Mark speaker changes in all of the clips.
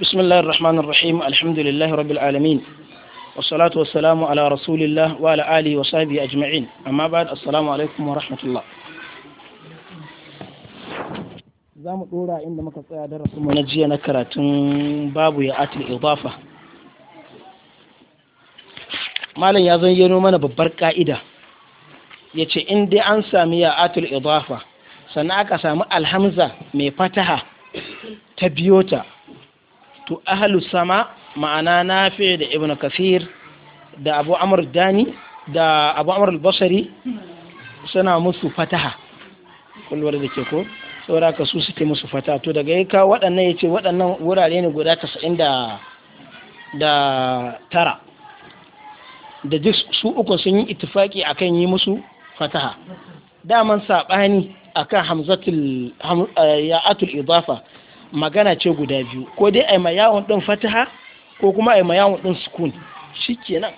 Speaker 1: بسم الله الرحمن الرحيم الحمد لله رب العالمين والصلاة والسلام على رسول الله وعلى آله وصحبه أجمعين أما بعد السلام عليكم ورحمة الله za mu dora inda muka tsaya darasinmu na jiya na karatun babu ya atil idafa malam ya zayyano mana babbar ka'ida ya ce in dai an sami ya atil idafa sannan aka sami alhamza mai fataha ta biyota to ahalu sama ma'ana nafi da ibn kafir da abu amur dani da abu amur al-basri suna musu fataha kulwar da ke ko saura ka su suke musu fataha to daga kawo waɗannan ya ce waɗannan wurare ne guda 90 da da tara da duk su uku sun yi a akan yi musu fataha daman a kan hamzatul eh, ya idafa magana ce guda biyu ko dai a yi mayawun ɗin fataha ko kuma a yi mayawun ɗin sukun shi kenan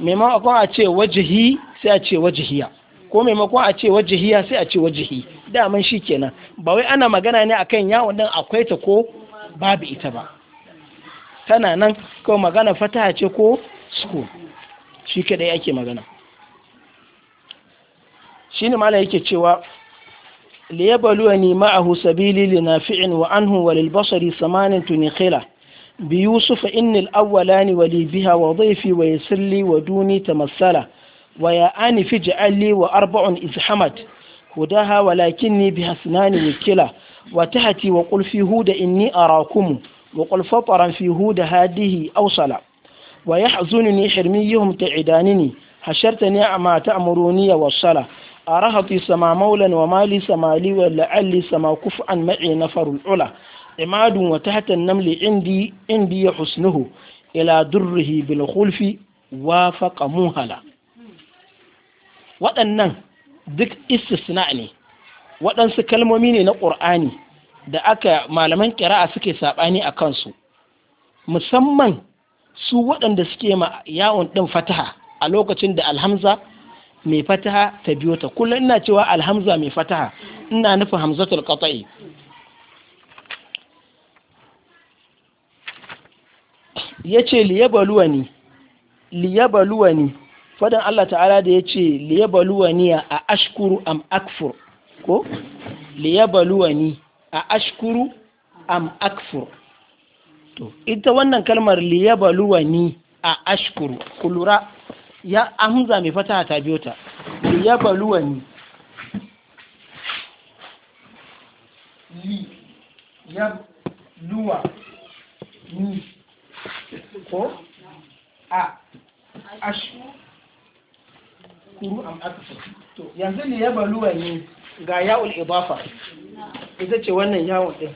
Speaker 1: maimakon a ce wajihi sai a ce wajihiya ko maimakon a ce wajihiya sai a ce wajihi daman shi kenan ba wai ana magana ne akan yawon ɗin akwai ta ko babu ita ba tana nan ko magana fataha ce ko sukun shi kadai ake magana shi ne mala yake cewa ليبلوني معه سبيلي لنافع وعنه وللبصر ثمان تنخله بيوسف إن الأولان ولي بها وضيفي ويسر لي ودوني تمثلا ويا آنف اجعل لي وأربع إذ حمد هداها ولكني بها اثنان وكلا وتهتي وقل في هود إني أراكم وقل فطرا في هود هذه أوصلا ويحزنني حرميهم تعدانني حشرتني ما تأمروني والصلاة fi sama maulan wa mali sama liwa la'alli sama kufu an ma'i na faru ula imadun wa ta namli indi indi husnuhu ila durrihi bil khulfi wa faqa waɗannan duk istisna ne waɗansu kalmomi ne na ƙur'ani da aka malaman ƙira'a suke saɓani a kansu musamman su waɗanda suke ma yawon ɗin fataha a lokacin da alhamza mai fataha ta biyo ta kullum ina cewa alhamza mai fataha ina nufin hamzatul qata'i yace liyabaluwani liyabaluwani fadan Allah ta'ala da yace liyabaluwani a ashkuru am akfur ko liyabaluwani a ashkuru am akfur to ita wannan kalmar liyabaluwani a ashkuru kulura ya ahunza mai fata ta biyo ta ya baluwa ni ya luwa ni ko a ashu kuru am akfa to yanzu ne ya baluwa ni ga ya'ul Ibafa ita ce wannan yawon din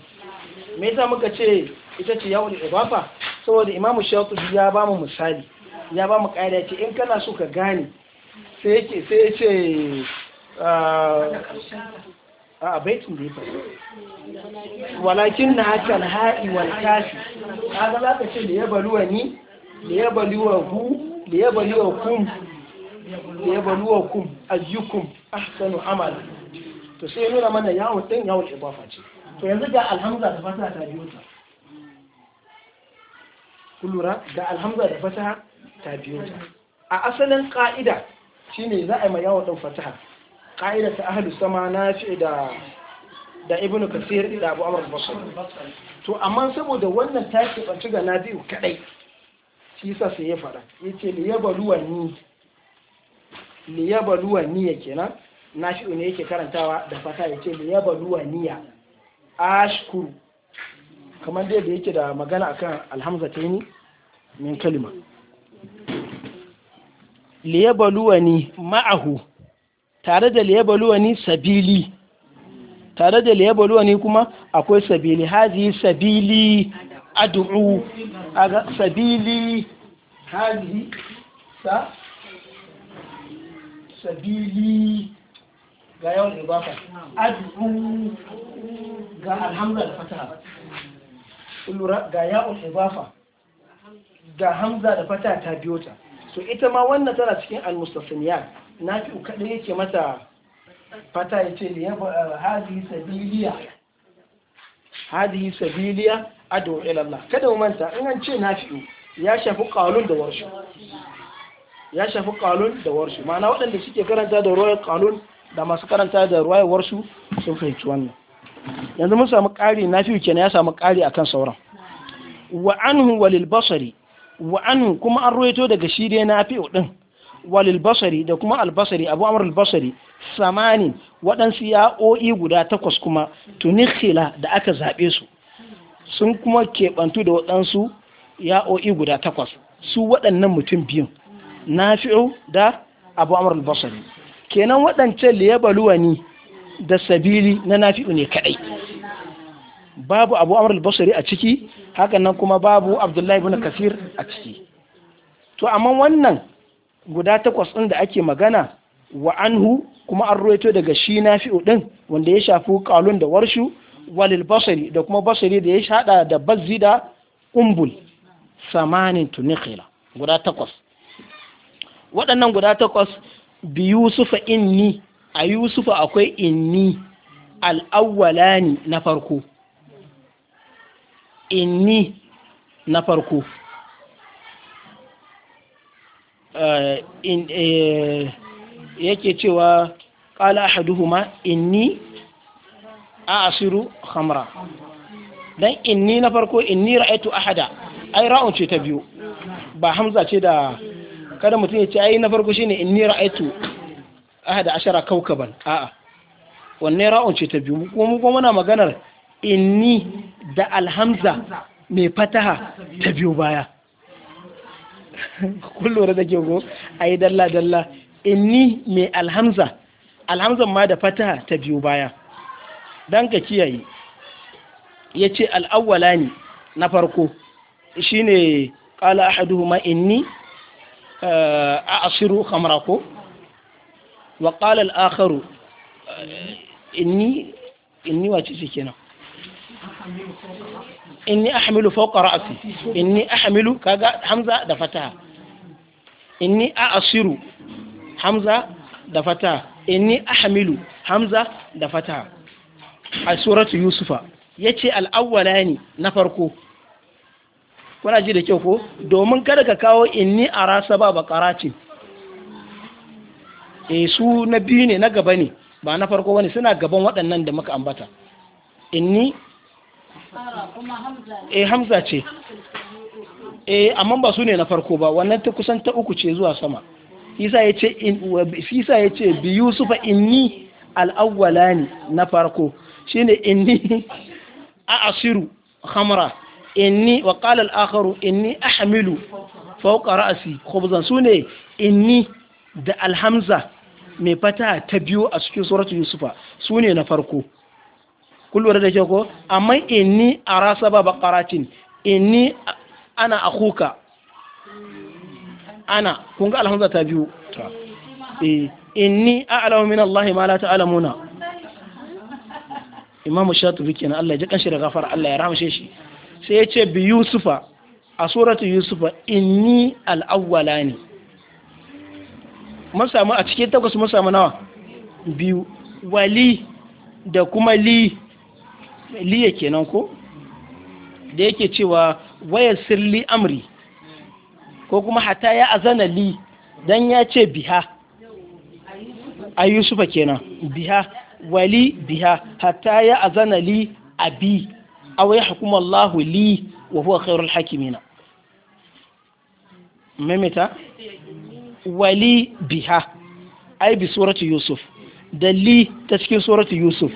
Speaker 1: me yasa muka ce ita ce yawon Ibafa? saboda imamu shafi ya ba mu misali ya ba mu ƙa'ida ce in kana so ka gane sai yake sai ya ce ah, a baitin da ya faru
Speaker 2: walakin na hakan ha'i wal a
Speaker 1: ga za ka ce da ya baluwa ni da ya baluwa hu da ya baluwa kum
Speaker 2: da ya baluwa
Speaker 1: kum ayyukum ahsanu amala to sai nuna mana yawon din yawon ibafa ce to yanzu ga alhamza da fata ta biyo ta kullura da alhamza da fata ta a asalin ƙa'ida ne za a yi ma yawon fataha ka'ida ta ahalu sama na fi da da ibn kasir da abu amur basri to amma saboda wannan ta ke ɓanci ga na biyu kadai shi yasa sai ya fara yace ce yabluwa ni ya ke nan na shi ne yake karantawa da fata yace li yabluwa niya ashkuru kamar dai da yake da magana akan alhamza ta yi ne min kalima liyabaluwani ma'ahu tare da liyabaluwani sabili tare da liyabaluwani kuma akwai sabili hazi sabili adu'u, aga sabili hazi sa sabili ga yawan ibaka adu'u ga alhamdulillah fataha ga ya'ul ibafa Da hamza da fata ta biyo ta so ita ma wannan tana cikin na fi kadai yake mata fata yace li eh, hadhihi sabiliya hadhihi sabiliya ad'u ila Allah kada mu manta in an ce fi ya shafi qalun da warshu ya shafi qalun da warshi ma'ana waɗanda suke karanta da ruwayar qalun da masu karanta da ruwayar warshu sun fahimci wannan yanzu mun samu ƙari fi kenan ya samu ƙari akan sauran wa anhu walil basari wa an kuma an ruwaito daga shi dai na nafi'u din walil basari da kuma albasari abu amr albasari samanin waɗansu ya'o'i guda takwas kuma tunikhila da aka zaɓe su sun kuma keɓantu da waɗansu ya'o'i guda takwas su waɗannan mutum biyun nafi'u da abu amr albasari kenan waɗancan liyabaluwani da sabili na nafi'u ne kaɗai babu abu amur al-basri a ciki hakan nan kuma babu abdullahi ibn kafir a ciki to amma wannan guda takwas ɗin da ake magana wa anhu kuma an ruwaito daga shi nafi'u ɗin wanda ya shafi kalun da warshu walil basri da kuma basri da ya shaɗa da bazzi da umbul samanin tunikila guda takwas waɗannan guda takwas bi yusufa inni a yusufa akwai inni al'awwalani na farko inni na farko eh, eh, yake cewa ƙala ahaduhuma inni a asiru hamra don inni na farko inni ra'aitu ahada ai ra'un ce ta biyu ba hamza ce da kada mutum ya ce ai na farko shine inni ra'aitu ahada ashara kaukaban a'a wanne ra'un ce ta biyu kuma muna maganar inni da alhamza mai fataha ta biyu baya kun lura da ke go a yi dalla dalla inni mai alhamza alhamzan ma da fataha ta biyu baya don ka kiyaye ya ce al'awwala ne na farko shi ne ƙala ahaduhuma inni eh, a ashiru hamra ko wa ƙala al'akharu eh, inni wace ce kenan inni ahmilu fawqa ra'si inni ahmilu kaga hamza da fataha inni Asiru hamza da fataha inni ahmilu hamza da fataha a suratu yusufa yace al-awwalani na farko kuna ji da kyau ko domin kada ka kawo inni a rasa ba bakaracin e eh, su na biyu ne na gaba ne ba na farko wani suna gaban waɗannan da muka ambata inni
Speaker 2: eh hamza ce
Speaker 1: eh amma ba su ne na farko ba wannan ta kusan ta uku ce zuwa sama isa ya ce isa ya bi yusufa inni al'awwalani na farko shine inni a asiru hamra inni wa qala al-akharu inni ahmilu fawqa ra'si khubzan sune inni da alhamza mai fata ta biyu a cikin suratul yusufa sune na farko kullum da ke ko amma inni a rasa ba bakaratin inni ana akuka ana kun ga alhamza ta biyu eh, inni a'lamu min Allah ma la ta'lamuna imamu shatibi kenan Allah ya ji kanshi da gafara Allah ya rahmashe shi sai ya ce bi yusufa a suratu yusufa inni al-awwalani mun samu a cikin takwas mun samu nawa biyu wali da kuma li liya kenan ko da yake cewa waya sirli amri ko kuma hata ya azana li dan ya ce biha a yusufa kenan biha wali biha hata ya azana li abi awai hukumallahu li wa huwa khairul hakimina memeta wali biha ai bi suratu yusuf da li ta cikin suratu yusuf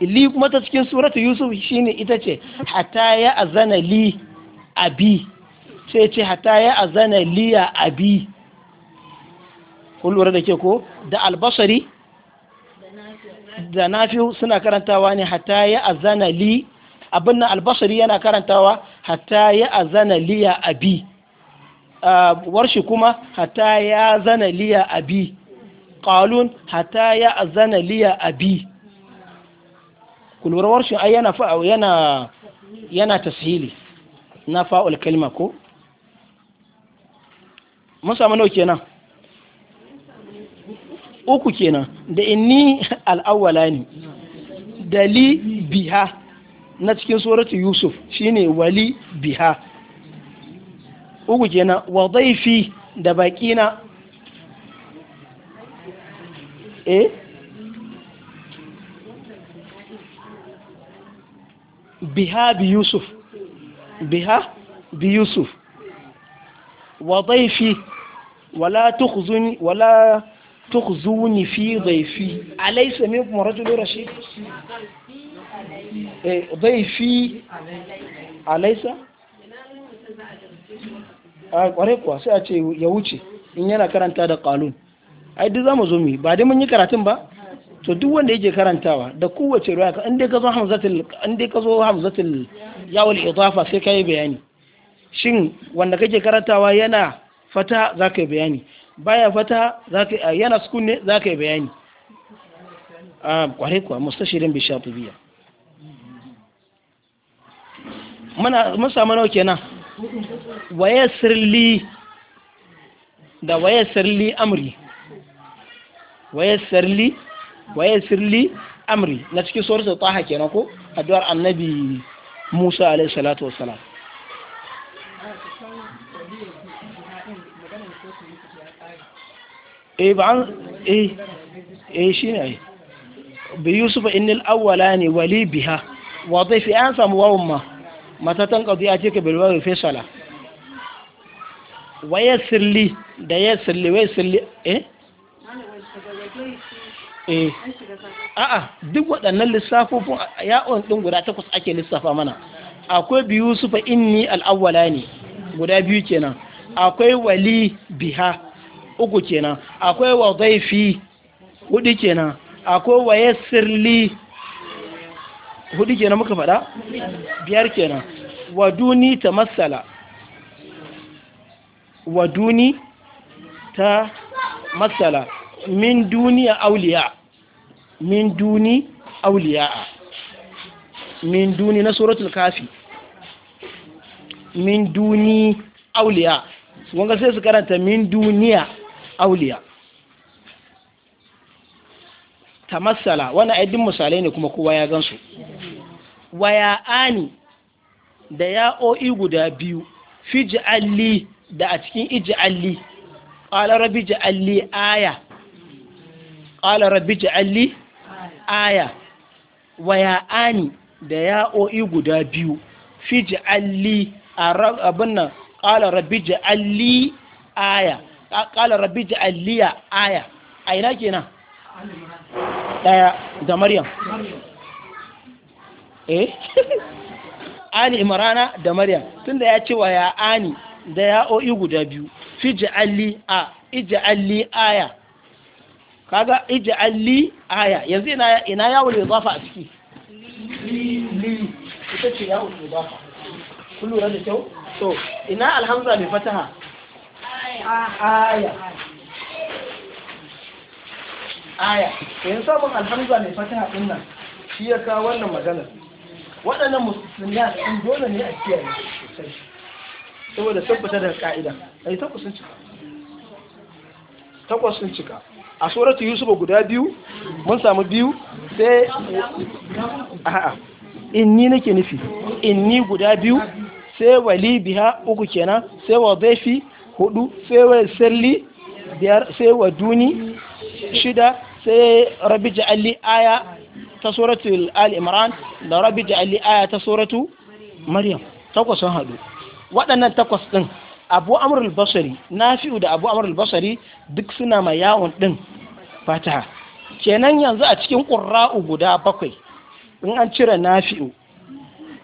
Speaker 1: li kuma ta cikin suratu yusuf shine ita ce hatta ya azana li abi sai ce hatta ya azana li ya abi kun da ke ko da albasari da nafiu suna karantawa ne hatta ya azana li abin nan albasari yana karantawa hatta ya azana li ya abi warshi kuma hatta ya zana liya abi qalun hatta ya azana liya abi ku shi ai yana fa yana yana tashili na fa'ul kalma ko mun samu nawa kenan uku kenan da inni al'awwala ne da biha na cikin suratu yusuf shine wali biha uku kenan wa daifi da baƙina eh biha bi yusuf biha bi yusuf wa dhaifi wala tukhzuni wala tukhzuni fi dhaifi alaysa minkum rajulun rashid eh dhaifi alaysa a ah, kware kuwa sai a ce ya wuce in yana karanta da qalun ai duk zamu zo mu ba dai mun yi karatun ba to duk wanda yake karantawa da kowace ruwa ka inda ka zo hamzatul inda ka zo hamzatul yawul idafa sai kai bayani shin wanda kake karantawa yana fata zaka yi bayani baya fata zaka yana sukun ne zaka yi bayani a kware kuwa mustashirin bi shafiya muna mun samu nawa kenan waya sirli da waya sirli amri waya sirli wa sirli amri na cikin ta taha kenan ko addu'ar annabi Musa alaihi salatu wassalam eh ba an eh eh shine ai bi yusuf innal awwalani wali biha wa dhaifi an samu wawun ma mata tan qadi a cike bil wawi fisala wa sirli da ya sirli wa yassir li eh a eh. a'a duk waɗannan lissafofin ya'un ɗin guda takwas ake lissafa mana akwai biyu sufa inni al'awwala ne guda biyu kenan akwai wali biha uku kenan akwai wa zaifi hudu kenan akwai wa yassirli hudu kenan muka faɗa biyar kenan wa duni ta matsala wa duni ta matsala min duniya auliya min duni auliya min duni na suratul kafi min duni auliya wanga sai su karanta min duniya auliya tamassala wani aidin misalai ne kuma kowa ya gansu waya ani da ya'o'i guda biyu fi ji'alli da a cikin ijialli qala rabbi alli aya Ƙala rabbi ja'alli aya wa ani da ya'o'i guda biyu fi ja'alli abin nan ƙala rabbi ja'alli aya Ƙala rabbi ja'alli aya a ina kenan Ɗaya da maryam eh ani Imarana da maryam tunda ya ce wa ya ani da ya'o'i guda biyu fi ja'alli a ija'alli aya kaga ij'al li aya yanzu ina ina yawo idafa a ciki li li ita ce yawo idafa kun lura da kyau to ina alhamza mai fataha aya aya yanzu sabon alhamza mai fataha din nan shi ya kawo wannan maganar waɗannan musulmiya sun dole ne a kiyaye sosai saboda tabbata da ka'ida ai ta kusanci takwas sun cika a suratu yusuf guda biyu mun samu biyu sai a'a inni nake nufi inni guda biyu sai wali biha uku kenan sai wa zaifi hudu sai wa salli biyar sai wa duni shida sai rabi ja'alli aya ta suratu al-imran da rabi ja'alli aya ta suratu maryam takwas sun hadu waɗannan takwas din abu amr basari na nafi'u da abu amr basari duk suna ma yawon din fataha kenan yanzu a cikin ƙura'u guda bakwai in an cire na fi'u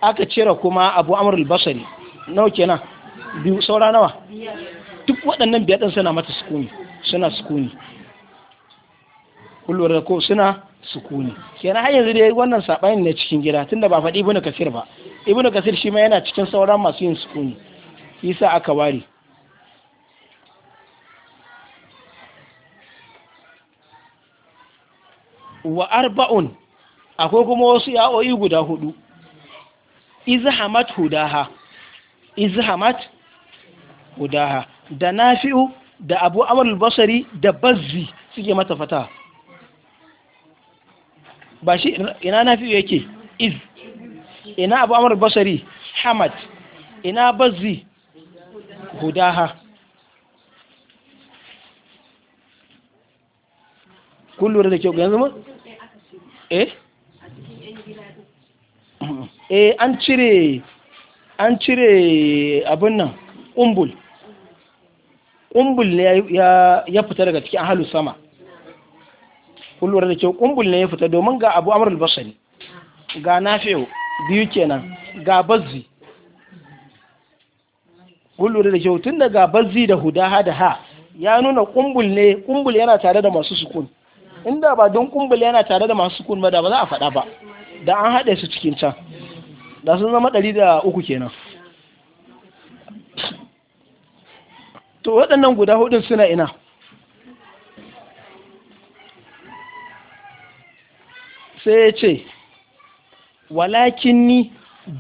Speaker 1: aka cire kuma abu amr basari. basri nawa kenan biyu saura nawa duk waɗannan biyar suna mata sukuni suna sukuni kullum ko suna sukuni kenan har yanzu dai wannan saɓani ne cikin gida tunda ba faɗi ibnu kasir ba ibnu kasir shi ma yana cikin sauran masu yin sukuni Isa aka ware wa arba'un akwai kuma wasu ya'o'i guda hudu izhamat hudaha izhamat hudaha da nafi'u da abu amal basari da bazzi suke mata fata ba shi ina nafi'u yake iz ina abu amal basari hamad ina bazzi hudaha kun lura da kyau yanzu ma eh eh an cire an cire abin nan ƙumbul ƙumbul ne ya fita daga cikin ahalu sama kun lura da kyau ƙumbul ne ya fita domin ga abu amurul basari ga nafi'u biyu kenan ga bazzi kullure da kyau tun daga bazzi da huda da ha ya nuna kumbul ne kumbul yana tare da masu sukun inda ba don kumbul yana tare da masu sukun ba da ba za a faɗa ba da an haɗe su cikin can da sun zama ɗari da uku kenan to waɗannan guda hudun suna ina sai ya ce walakin ni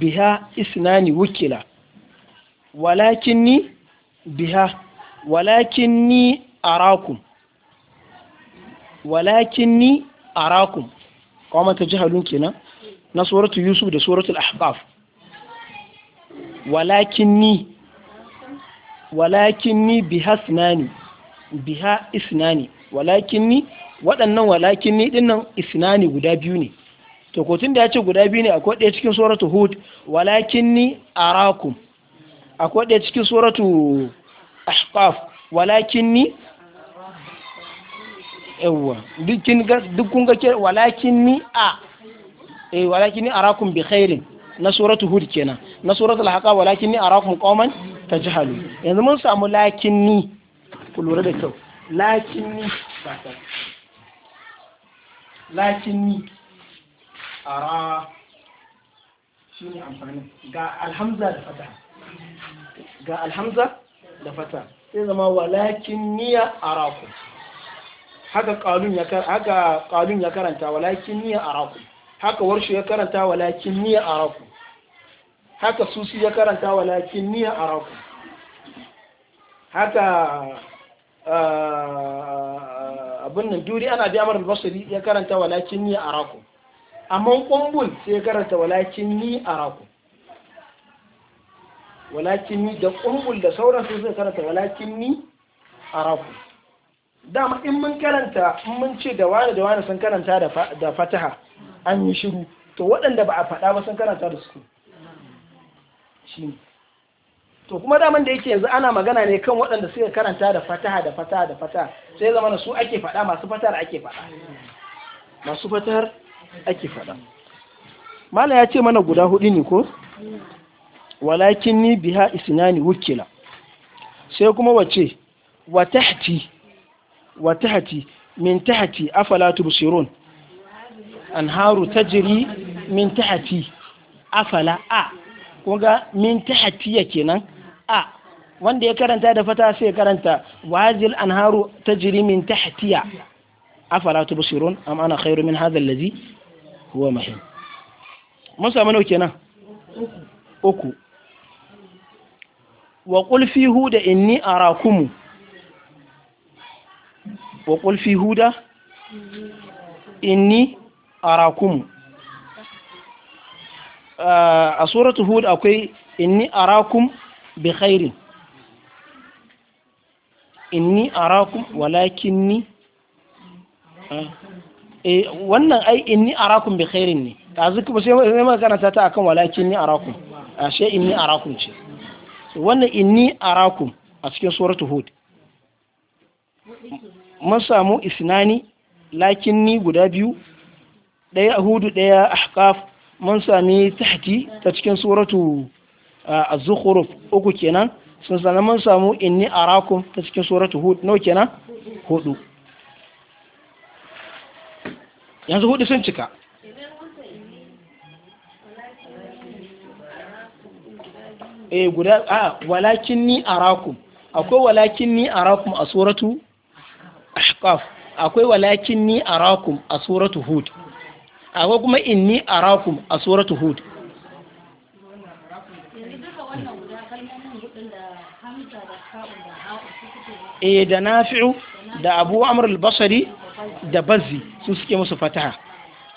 Speaker 1: biha isnani wukila walakinni biha walakinni arakum walakinni arakum kuma ta jahalun kenan na suratul yusuf da suratul ahqaf walakinni walakinni biha isnani biha isnani walakinni waɗannan walakinni dinnan isnani guda biyu ne to ko tunda ya ce guda biyu ne akwai ɗaya cikin suratul hud walakinni arakum akwai ɗaya cikin suratu ahqaf walakinni yawwa dukkin duk kun ga walakinni a eh walakinni arakum bi khairin na suratu hud kenan na suratul haqa walakinni arakum qauman tajhalu yanzu mun samu lakinni ku lura da kyau lakinni ba ta lakinni ara shine amfani ga alhamza da fataha ga alhamza da fata sai zama walakin niya araku haka qalun ya haka qalun ya karanta walakin niya araku haka warshu ya karanta walakin niya araku haka susi ya karanta walakin niya araku haka abin nan duri ana biya marar basiri ya karanta walakin niya araku amma ƙumbul sai ya karanta walakin niya araku walakin ni da ƙungul da sauran su suka karanta walakin ni arafu dama in mun karanta in mun ce da wani da wani sun karanta da fataha an yi shiru to waɗanda ba a faɗa ba sun karanta da su shi to kuma daman da yake yanzu ana magana ne kan waɗanda suka karanta da fataha da fataha da fataha sai zama su ake faɗa masu fatar ake faɗa masu fatar ake faɗa mala ya ce mana guda hudu ne ko walakin ni biha isnani wukila sai kuma wace wa tahti wa tahti min tahti afala tubsirun anharu tajri min tahti afala a kunga min yake kenan a wanda ya karanta da fata sai ya karanta wazil anharu tajri min tahtiya afala tubsirun am ana khairu min hadha alladhi huwa mahin mun samu nau kenan uku wa ƙulfi huda inni a rakumu wa ƙulfi huda inni a rakumu a suratu huda akwai inni a rakum bi khairin inni arakum walakinni eh wannan ai inni arakum bi khairin ne yanzu kuma sai mai magana ta ta akan walakinni arakum ashe inni arakum ce wannan inni arakum a cikin suratul hud mun samu isnani lakinni guda biyu ɗaya hudu ɗaya ahqaf mun sami tahti ta cikin suratu az-zukhruf uku kenan sun sanar mun samu inni arakum ta cikin suratu hud nawa kenan hudu yanzu hudu sun cika eh guda a walakin ni arakum akwai walakin ni arakum a suratu ahqaf akwai walakin ni arakum a suratu hud akwai kuma inni arakum a suratu hud
Speaker 2: eh da nafi'u da abu amr al-basri
Speaker 1: da bazzi su suke musu fataha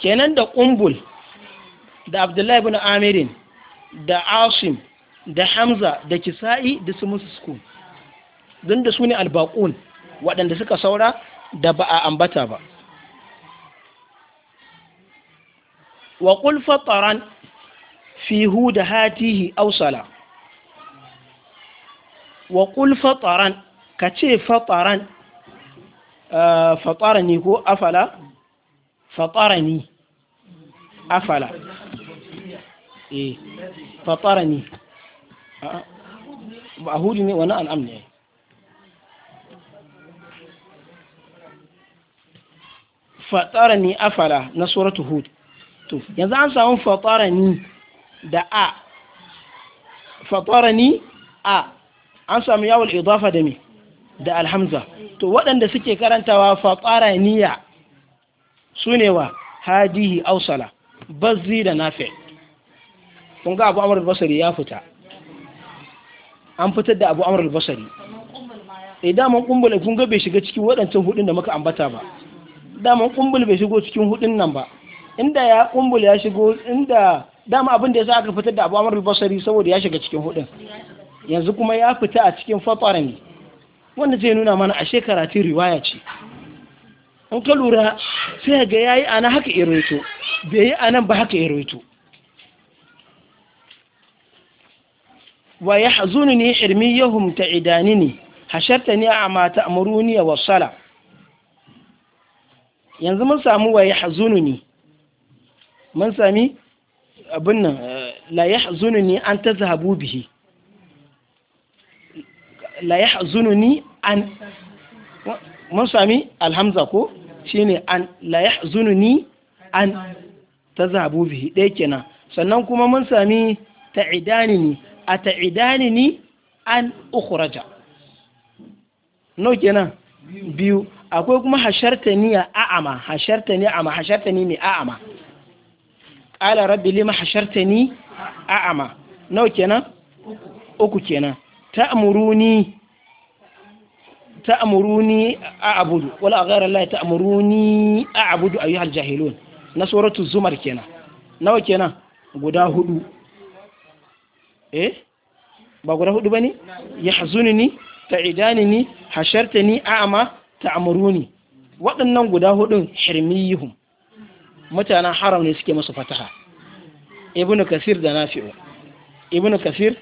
Speaker 1: kenan da umbul da abdullahi ibn amirin da asim da hamza da kisa'i da su musu suku don da su ne albakun waɗanda suka saura da ba a ambata ba wa ƙulfa fataran fi huda hatihi ausala sala ƙulfa qul ka kace fataran eh, fatarani ko afala fatarani afala eh fatarani ba a hudu ne wani al'am ne fatsara ni afala na suratu hud to yanzu an samu fatsara ni da a fatsara ni a an samu yawon idafa da mi da alhamza to waɗanda suke karantawa fatsara niya su ne wa hadihi ausala bazzi da nafi kun ga abu amur basari ya fita an fitar da abu amr basari E, eh, daman kumbul kun ga bai shiga cikin waɗancan hudun da muka ambata ba daman kumbul bai shigo cikin hudun nan ba inda ya kumbul ya shigo inda dama abin da yasa aka fitar da abu amr basari saboda ya shiga cikin hudun yanzu kuma ya fita a cikin ne. wanda zai nuna mana a shekara ta riwaya ce in ka lura sai ga yayi ana haka irwaito bai yi anan ba haka irwaito wa ya hazunu ni irmi ya humta idani ne hasharta ni a mata amuruni wa sala yanzu mun samu wa ya hazunu ne mun sami abin nan eh, la ya hazunu ne an ta zahabu bihi la ya hazunu ne an mun sami alhamza ko ne an la ya hazunu ne an ta zahabu bihi ɗaya kenan sannan kuma mun sami ta idani ne Ata idani ni an ukhraja no kenan biyu akwai kuma hashartani a a'ama hashartani a'ama hashartani mai a'ama qala rabbi lima hashartani a'ama no kenan uku kenan ta'muruni ta'muruni a'budu wala ghayra allahi ta'muruni a'budu ayyuhal jahilun na suratul zumar kenan nawa kenan guda hudu eh ba guda hudu bane yahzununi ta'idanini ta amuru ni waɗannan guda hudun shirmiyihun mutanen haram ne suke masu fataha Ibn kasir da nafi'u ibn kasir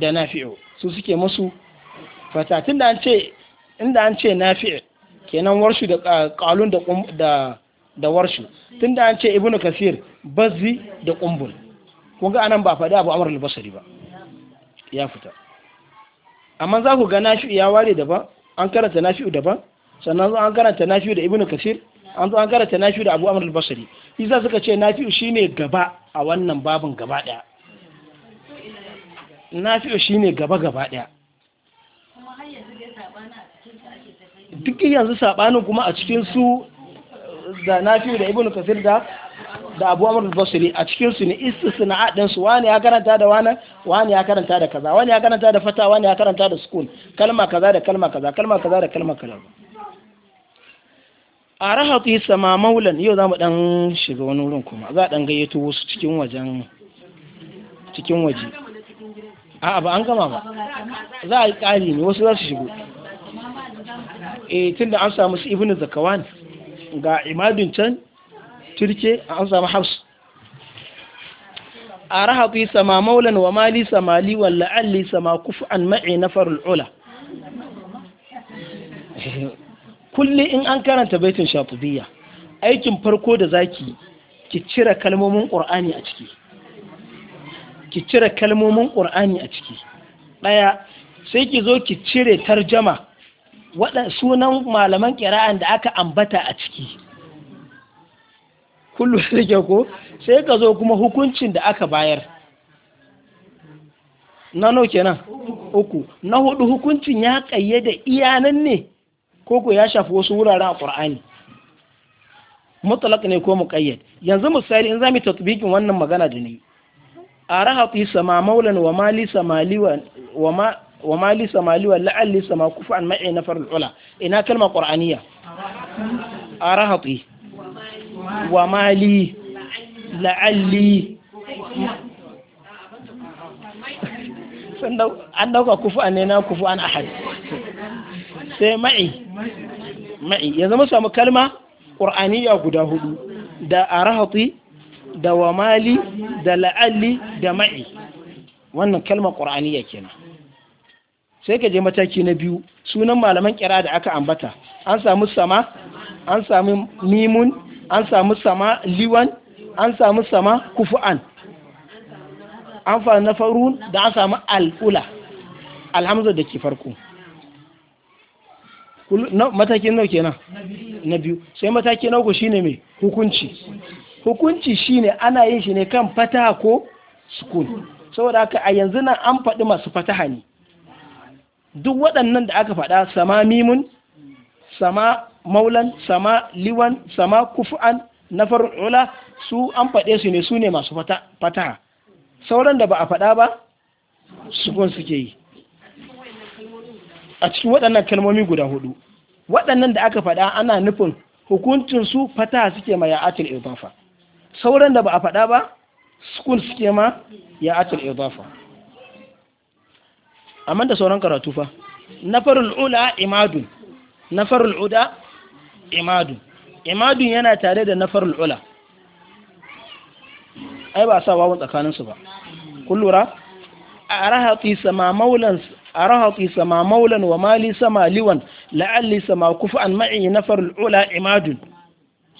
Speaker 1: da nafi'u su suke masu fataha tunda an ce inda an ce nafi'u kenan warshu da kalun da da da warshu tunda an ce Ibn kasir bazzi da kumbul kun ga anan ba faɗi abu amr al-basri ba ya fita amma za ku ga nafi'u ya ware daban an karanta nafi'u daban sannan an karanta nafi'u da ibnu kasir an zo an karanta nafi'u da abu amr al-basri isa suka ce nafi'u shine gaba a wannan babin gaba daya nafi'u shine gaba gaba daya duk yanzu sabanin kuma a cikin su da nafi'u da ibnu kasir da da Abu Amr al a cikin su ne istisna din su wani ya karanta da wani wani ya karanta da kaza wani ya karanta da fata wani ya karanta da sukun kalma kaza da kalma kaza kalma kaza da kalma kaza a rahatu sama maulan yau zamu dan shiga wani wurin kuma za dan gayyato wasu cikin wajen cikin waje
Speaker 2: a'a ba an gama ba za a yi ƙari ne wasu za su shigo E tunda an samu su ibnu
Speaker 1: zakawan ga imadun can turke an samu haus. a rahatu sama maulan wa mali sama liwan la'alli sama an ma'i na farul ula kulli in an karanta baitin shafubiya aikin farko da zaki ki cire kalmomin qur'ani a ciki ki cire kalmomin ƙur'ani a ciki Ɗaya sai ki zo ki cire tarjama waɗansu sunan malaman ƙira'an da aka ambata a ciki kullu da ko sai ka zo kuma hukuncin da aka bayar na nau kenan uku na hudu hukuncin ya kayyada iyanan ne koko ya shafi wasu wuraren a ƙur'ani mutlaq ne ko muqayyad yanzu misali in zamu tatbikin wannan magana da ni arahati sama maulana wa mali samali wa ma wa mali samali wa la'alli sama kufan ma'i nafar ula ina kalma qur'aniya arahati wa mali la'alli an dauka kufu an ne kufu an ahad sai ma'i ma'i ya zama samu kalma ƙur'aniya guda hudu da arahati da wamali da la'alli da ma'i wannan kalma ƙur'aniya kenan sai ka je mataki na biyu sunan malaman kira da aka ambata an samu sama an samu mimun an samu sama liwan an samu sama kufu'an an faru na faru da an samu al'ula alhamdu da ke farko matakin nau kenan na biyu sai mataki na uku shine mai hukunci hukunci shine ana yin shi ne kan fataha ko sukun saboda haka a yanzu nan an faɗi masu fataha ne duk waɗannan da aka faɗa sama mimun sama maulan sama liwan sama kufu'an na far'ula su an faɗe su ne su ne masu fataha sauran da ba a faɗa ba sukun suke yi a cikin waɗannan kalmomi guda hudu waɗannan da aka faɗa ana nufin hukuncin su fataha suke ma ya atil idafa sauran da ba a faɗa ba sukun suke ma ya atil idafa amma da sauran karatu fa nafarul ula imadun nafarul uda imadun yana tare da nafar ula ai ba sa wawu tsakaninsu ba kullura a rahati sama maulan wa mali sama liwan la'alli sama an ula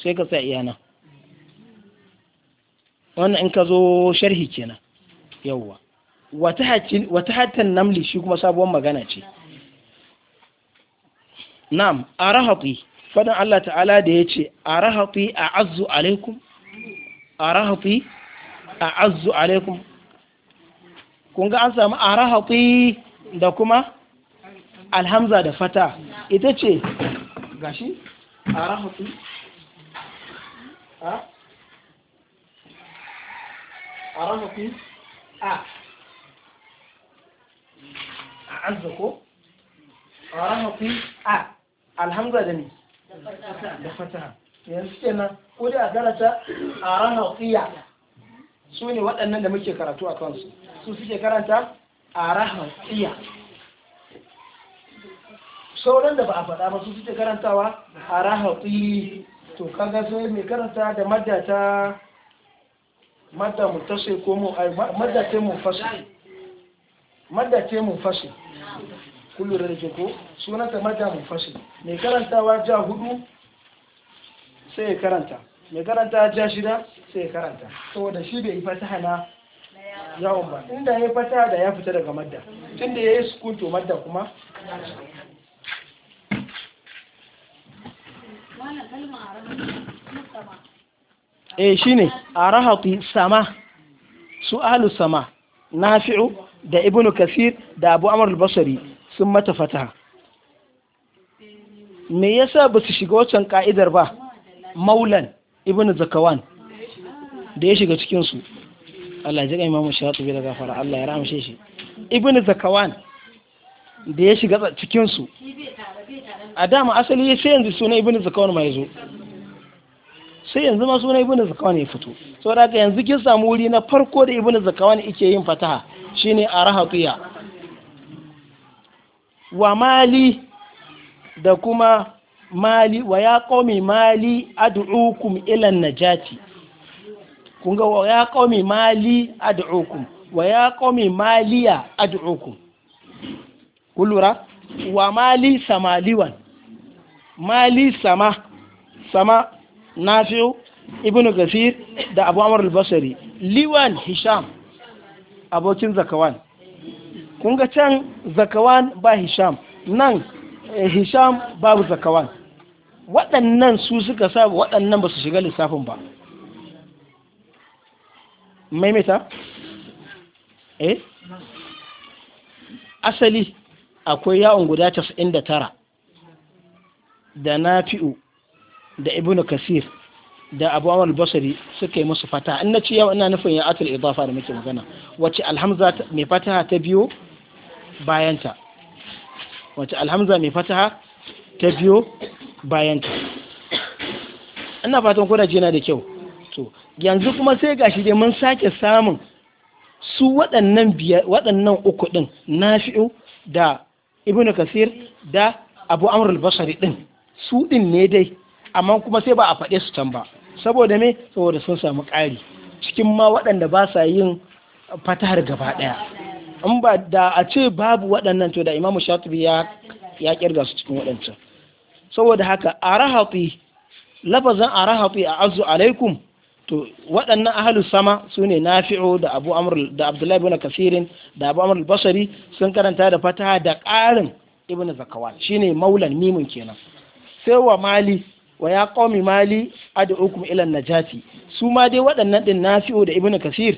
Speaker 1: sai ka wannan in ka zo sharhi kenan yawwa wata namli shi kuma sabuwar magana ce na'am a rahati fadan Allah ta'ala da ya ce a rahafi a azu alaikum a rahafi a azu alaikum kun ga an samu a rahafi da kuma alhamza da fata ita ce gashi a rahafi a a rahafi a a azza ko a rahafi a alhamza da ne da fataha yanzu kenan ko da karanta a ranar tsiya su ne waɗannan da muke karatu a kansu su suke karanta a ranar tsiya sauran da ba a faɗa ba su suke karantawa a ranar tsiya to kaga sai mai karanta da madda ta madda mutasai ko mu madda ta mu fasi madda ta mu fasi kullu da ke ko sunan ta marja munfasil mai karantawa ja hudu sai ya karanta mai karanta ja shida sai ya karanta saboda shi bai yi fataha na yawon ba inda ya yi da ya fita daga madda tunda ya yi sukun to madda kuma eh shine arahati sama su ahlus sama nafi'u da ibnu kasir da abu amr al-basri sun mata fataha me yasa ba su shiga waccan ka'idar ba maulan ibn zakawan da ya shiga cikinsu Allah ya jiƙa imamu shatubi da gafara Allah ya ramshe shi ibn zakawan da ya shiga cikinsu a dama asali sai yanzu suna ibn zakawan ma ya zo sai yanzu ma suna ibn zakawan ya fito saboda ka yanzu kin samu wuri na farko da ibn zakawan yake yin fataha shine a rahatuya. wa mali da kuma mali wa ya qaumi mali ad'ukum ila najati kun ga wa ya qaumi mali ad'ukum wa ya qaumi maliya ad'ukum kun wa mali samaliwan mali sama sama nafi'u ibnu kasir da abu amr al-basri liwan hisham abokin zakawan kun ga can zakawan ba hisham nan eh, hisham babu zakawan waɗannan su suka sa waɗannan ba su shiga lissafin ba maimaita eh asali akwai yawon guda 99 da nafi'u da ibnu kasir da abu amal basari suka yi musu fata in na ce yawon ina nufin ya atul idafa da muke magana wacce alhamza mai fataha ta biyo bayanta wacce alhamza mai fataha ta biyo bayanta ina fatan kuna jina da kyau to yanzu kuma sai gashi dai mun sake samun su waɗannan biyar waɗannan uku din nafi'u da ibnu kasir da abu amr al-basri su din ne dai amma kuma sai ba a faɗe su can ba saboda me saboda sun samu ƙari cikin ma waɗanda ba sa yin fatahar gaba ɗaya in ba da a ce babu waɗannan to da imamu shatubi ya ya kirga su cikin waɗancan saboda haka arahati lafazin arahati a azu alaikum to waɗannan ahalu sama su ne nafi'u da abu amr da abdullahi bin kasirin da abu amr basari sun karanta da fataha da ƙarin ibn zakawal shine maulan mimun kenan sai wa mali wa ya qaumi mali ad'ukum ila najati su ma dai waɗannan din nafi'u da ibn kasir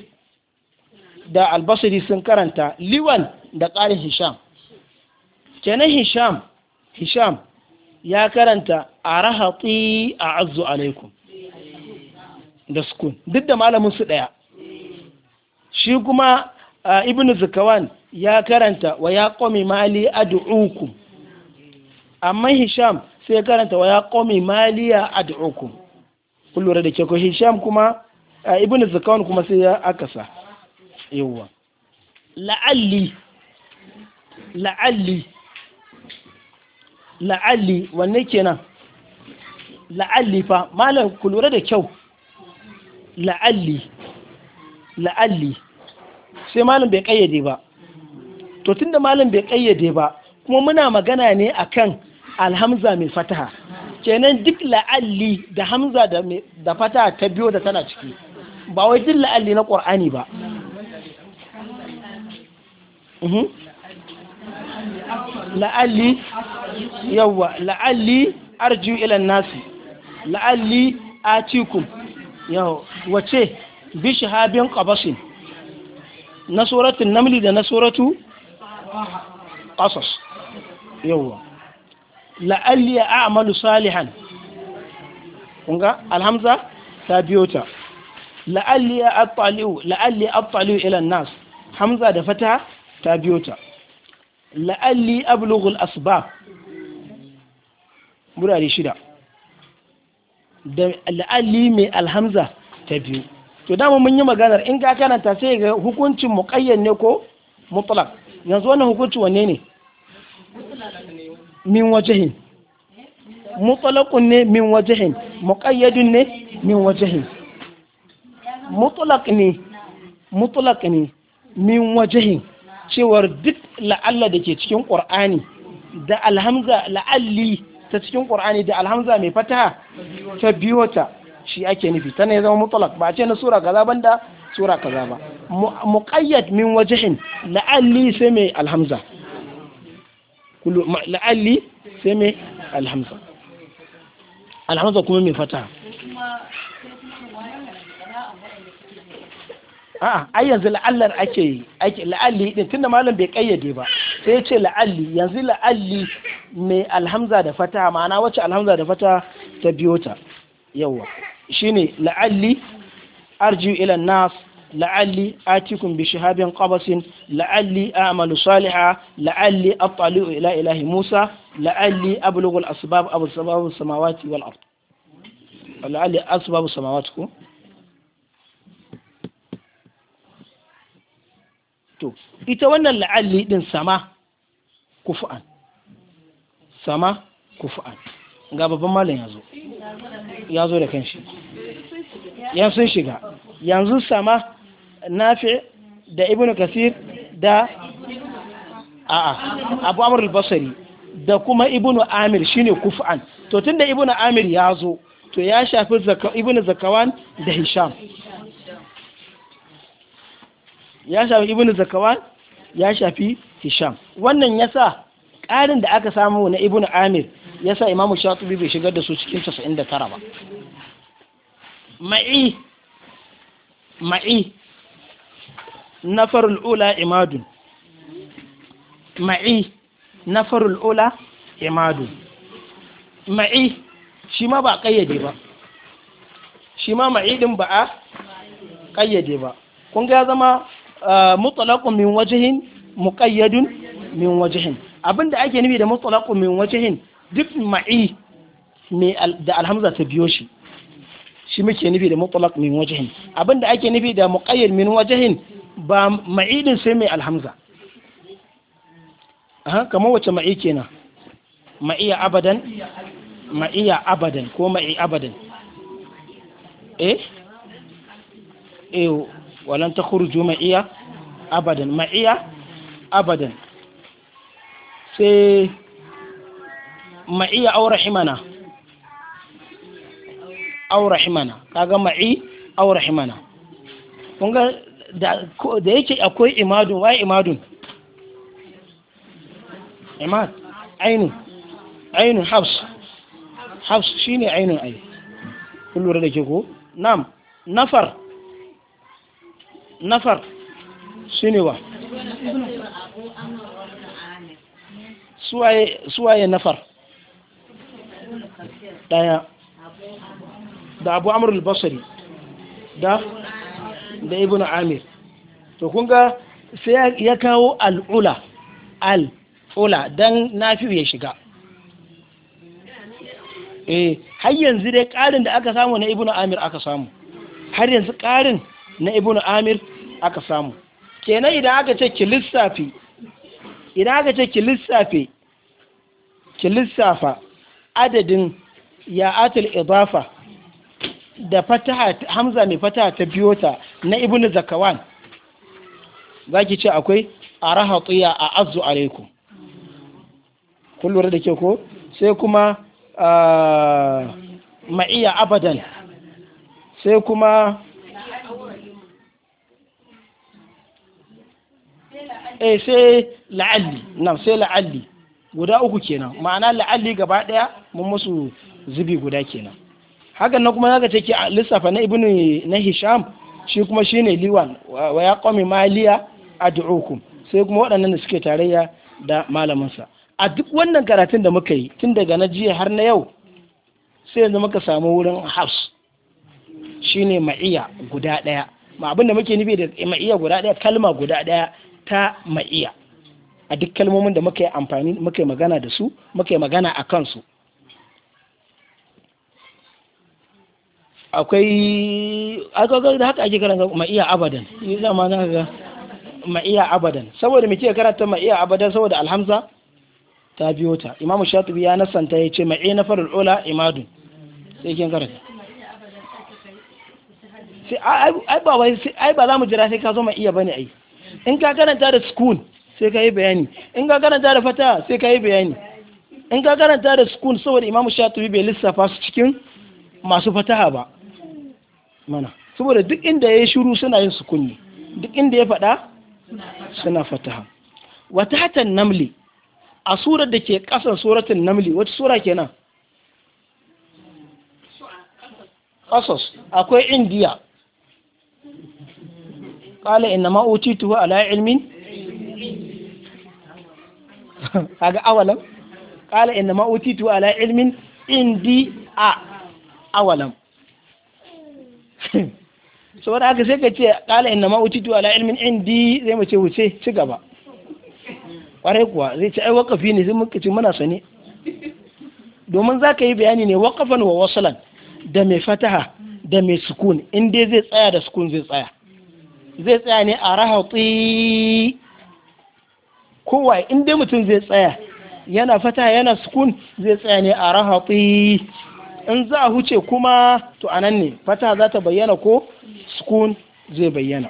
Speaker 1: da albasiri sun karanta liwan da ƙarin hisham kenan hisham hisham ya karanta a rahatsi a azu alaikum da sukun duk da malamin su ɗaya shi kuma ibn Zikawan ya karanta wa ya ƙomi mali ad'ukum amma hisham sai ya karanta wa ya ƙomi mali a ad'ukum kun da ke ko hisham kuma ibn Zikawan kuma sai ya akasa yawwa la'alli la'alli la'alli wanne kenan la'alli fa malam ku lura da kyau la'alli la'alli sai malam bai kayyade ba to tunda malam bai kayyade ba kuma muna magana ne akan alhamza mai fataha kenan duk la'alli da hamza da fataha ta biyo da tana ciki ba wai duk la'alli na ƙur'ani ba Mhm.
Speaker 2: la'alli Yawwa.
Speaker 1: la'alli arju ilan nasi la'alli atikum yawa wace bi Habin kabasin? na suratul namli da na suratu qasas yawa la'alli a'malu salihan kunga alhamza ta biyo ta la'alli attali'u la'alli attali'u ilan nas hamza da fata ta biyo ta la'alli ablughul asbab murare shida da la'alli mai alhamza ta biyu to dama mun yi maganar in ka karanta sai ga hukuncin muqayyan ne ko mutlaq yanzu wannan hukunci wanne ne min wajhin mutlaqun ne min wajhin muqayyadun ne min wajhin mutlaq ne mutlaq ne min wajhin cewar duk la'alla da ke cikin ƙur'ani da alhamza la'alli ta cikin ƙur'ani da alhamza mai fataha ta biyota shi ake nufi ta ne zama mutalak ba a ce na sura kaza ban da sura kaza ba muqayyad min wajhin la'alli sai mai alhamza kullu la'alli sai mai alhamza alhamza kuma mai fataha a'a a yanzu la'allar ake yi ake la'alli din tunda malam bai kayyade ba sai ya ce la'alli yanzu la'alli mai alhamza da fata ma'ana wacce alhamza da fata ta biyo ta yawa shine la'alli arju ila nas la'alli atikum bi shihabin qabasin la'alli a'malu Saliha, la'alli attali'u ila ilahi musa la'alli ablughu al-asbab abu samawati wal ard la'alli asbab samawati ko to ita wannan la'alli din sama kufu'an sama kufu'an ga babban malam ya zo
Speaker 2: ya zo da kanshi yan sun shiga
Speaker 1: yanzu sama nafi da ibnu kasir da a'a abu amr al-basri da kuma ibnu amir shine kuf'an to tunda ibnu amir ya zo to ya shafi ibnu zakawan da hisham ya shafi ibnu zakawan ya shafi hisham wannan yasa ƙarin da aka samu na ibnu amir yasa imamu shatibi bai shigar da su cikin 99 ba ma'i ma'i nafarul ula imadun ma'i nafarul ula imadun ma'i shi ma ba kayyade ba shi ma ma'i din ba a kayyade ba kun ga ya zama mutlaqun min wajhin muqayyadun min wajhin abinda ake nufi da mutlaqun min wajhin duk ma'i me da alhamza ta biyo shi shi muke nufi da mutlaq min wajhin abinda ake nufi da muqayyad min wajhin ba mai din sai mai alhamza aha kamar wace ma'i kenan ma'iya abadan ma'iya abadan ko ma'i abadan eh eh walan ta kurju ma'iya abadan ma'iya abadan sai ma'iya aure himana aure himana kaga ma'i aure himana kunga da yake akwai imadun wai imadun imad ainu, ainu habs habs shine ainu ai kun da ke ko nam nafar nafar shine wa suwaye nafar daya da abu amur al-basari da da ibn amir to kun ga sai ya kawo al'ula al'ula don nafi'u ya shiga eh har yanzu dai ƙarin da aka samu na ibn amir aka samu har yanzu ƙarin na ibn amir aka samu kenan idan aka ce ki idan aka ce ki lissafi ki lissafa adadin ya'atul idafa da fataha hamza mai fataha ta biyo ta na ibn zakawan zaki ce akwai arahatiya a azu alaikum kun da ke ko sai kuma ah, ma'iya abadan sai kuma eh sai la'alli nan sai la'alli guda uku kenan ma'ana la'alli gaba daya mun musu zubi guda kenan hakan na kuma zaka take lissafa na ibnu na hisham shi kuma shine liwan wa ya qami maliya ad'ukum sai kuma waɗannan da suke tarayya da malamin sa a duk wannan karatun da muka yi tun daga na jiya har na yau sai yanzu muka samu wurin house shine ma'iya guda daya ma abin da muke nufi da ma'iya guda daya kalma guda daya ta ma'iya a duk kalmomin da muka yi amfani muka yi magana da su muka yi magana a kansu akwai akwai da haka ake karanta ma'iya abadan yi zama na ga ma'iya abadan saboda muke karanta ma'iya abadan saboda alhamza ta biyo ta imamu shatibi ya nasanta ya ce ma'i na farar ola imadu sai kin karanta ai ba za mu jira sai ka zo ma'iya bane ai in ka karanta da school sai ka yi bayani in ka karanta da fata sai ka yi bayani in ka karanta da school saboda imam shatubi bai lissafa su cikin masu fataha ba mana saboda duk inda ya yi shuru suna yin su kunni duk inda ya faɗa suna fataha wata hatan namli a surar da ke ƙasan suratun namli wata sura kenan ƙasas akwai indiya qala inna ma a layi ilmin a kaga awalam qala inna ma a layi ilmin indi a awalam wadda aka sai ka ce qala inna ma a layi ilmin indi zai mace wuce ci gaba kwarai kuwa zai ce ai wakafi ne sai muka ce muna sani, domin za ka yi bayani ne wakafan wa wasulan da mai fataha da mai sukun in zai tsaya da sukun zai tsaya zai tsaya ne a rahatsi kowa inda mutum zai tsaya yana fata yana sukun zai tsaya ne a rahatsi in za a huce kuma to anan ne fata za ta bayyana ko sukun zai bayyana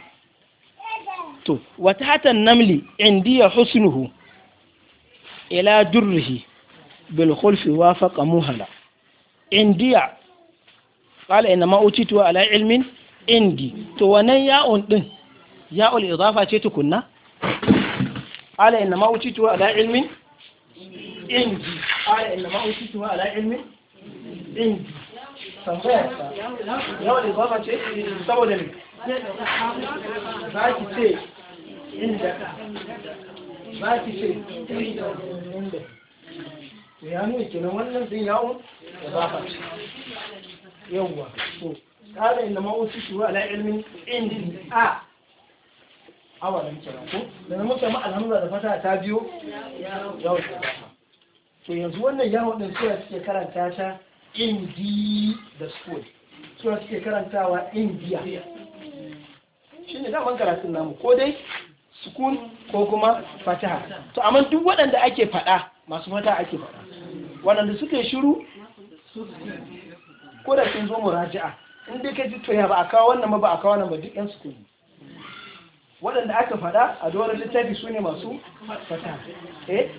Speaker 1: to wata hatan namli indiya husnuhu ila durrihi bil khulfi wafaqa muhala indiya qala ma utitu ala ilmin indi to wannan ya'un din ya'ul idafa ce tukunna ala inna ma utitu ala ilmin inji ala inna ma utitu ala ilmin inji ya ya'ul idafa ce saboda ne
Speaker 2: za ki ce inda za ki ce inda
Speaker 1: ya nuna kenan wannan sun yawon idafa ce yawwa to قال إنما أوتيته ala علم inji a. awalan kenan ko da muka ma alhamza da fata ta biyo wuce to yanzu wannan yawo din sura suke karanta ta indi da school sura suke karantawa indiya shine daman karatun namu ko dai sukun ko kuma fataha to amma duk waɗanda ake faɗa masu fata ake faɗa waɗanda suke shiru ko da sun zo muraja'a in dai ka ji to ya ba a kawo wannan ba ba a kawo wannan ba duk yan sukuni waɗanda aka faɗa a doron littafi su ne masu fata eh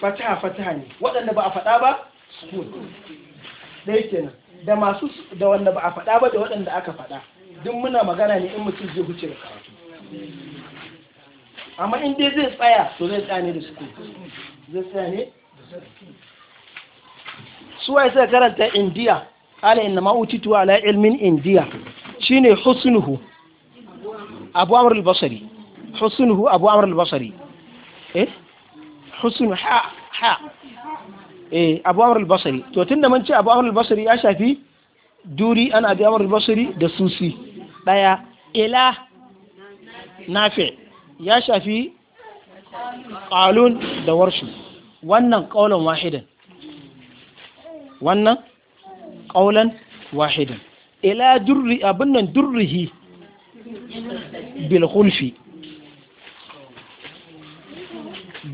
Speaker 1: fataha fataha ne waɗanda ba a faɗa ba school ɗaya kenan da masu da wanda ba a faɗa ba da waɗanda aka faɗa duk muna magana ne in mutum zai huce da karatu amma in dai zai tsaya to zai tsaya ne da school zai tsaya ne suwaye sai karanta indiya ala inna ma'utitu ala ilmin indiya shine husnuhu abu amr al husnuhu abu amr al eh husnu ha ha eh abu amr al to tunda mun ce abu amr al ya shafi duri an abi amr al-basri da susi daya ila nafi ya shafi qalun da warshu wannan qaulan wahidan wannan qaulan wahidan ila durri abin nan durrihi bilkulfi khulfi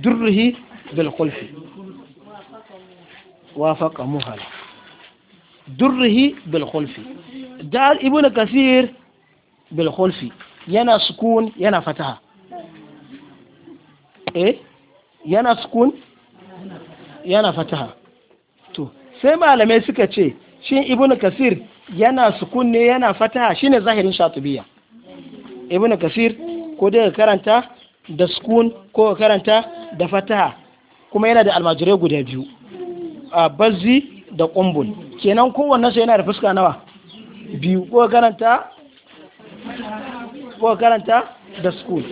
Speaker 1: durrihi wa khulfi wafaqa hala durrihi bilkulfi da ibu na kasir bilkulfi yana sukun yana fataha eh yana sukun yana fataha to sai malamai suka ce shin na kasir yana sukun ne yana fataha shine zahirin shatubiya ibn kasir ko dai karanta da sukun ko karanta da fataha kuma yana da almajirai guda biyu a bazzi da kumbul kenan kowanne sai yana da fuska nawa biyu ko karanta ko karanta da sukun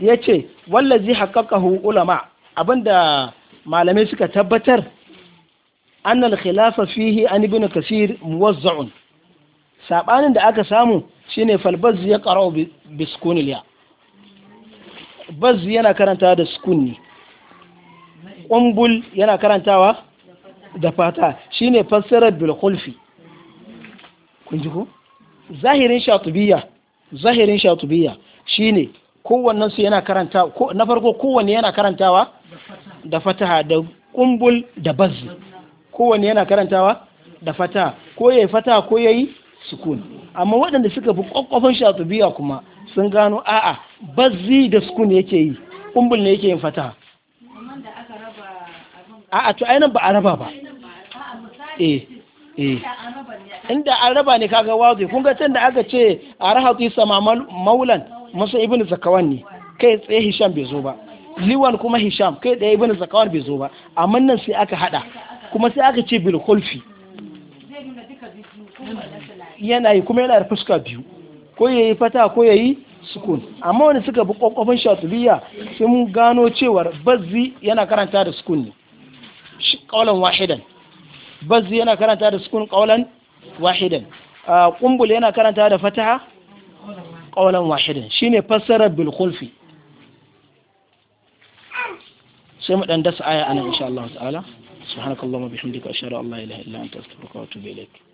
Speaker 1: yace wallazi haqqaqahu ulama abinda malamai suka tabbatar annal khilafa fihi an ibn kasir muwazza'un sabanin da aka samu shine falbaz ya qara'u bi sukunil ya baz yana karanta da sukuni qumbul yana karantawa da fata shine fassarar bil khulfi kun ji ko zahirin shatubiyya zahirin shatubiyya shine kowannen su yana karanta na farko kowanne yana karantawa da fataha da kumbul da bazzi kowanne yana karantawa da fataha ko yayi fataha ko yayi sukun amma waɗanda suka fi kwakwafin shatubiya kuma sun gano a'a bazzi da sukun yake yi kumbul ne yake yin fataha a'a to ainihin ba a raba ba eh eh inda an raba ne kaga wazi kun ga can da aka ce a rahatu sama maulan musa ibnu zakawan ne kai tsaye hisham bai zo ba liwan kuma hisham kai da ibn zakawar bai zo ba amma nan sai aka hada kuma sai aka ce bil khulfi yana yi kuma yana da fuska biyu ko yayi fata ko yayi sukun amma wani suka bi kokofin shatubiya sun gano cewar bazzi yana karanta da sukun ne shi kaulan wahidan bazzi yana karanta da sukun kaulan wahidan kumbul ah, yana karanta da fataha kaulan wahidan shine fassarar bil khulfi sai mu dan dasa aya anan insha Allah ta'ala subhanakallahumma bihamdika ashhadu an la ilaha illa anta astaghfiruka wa atubu ilaik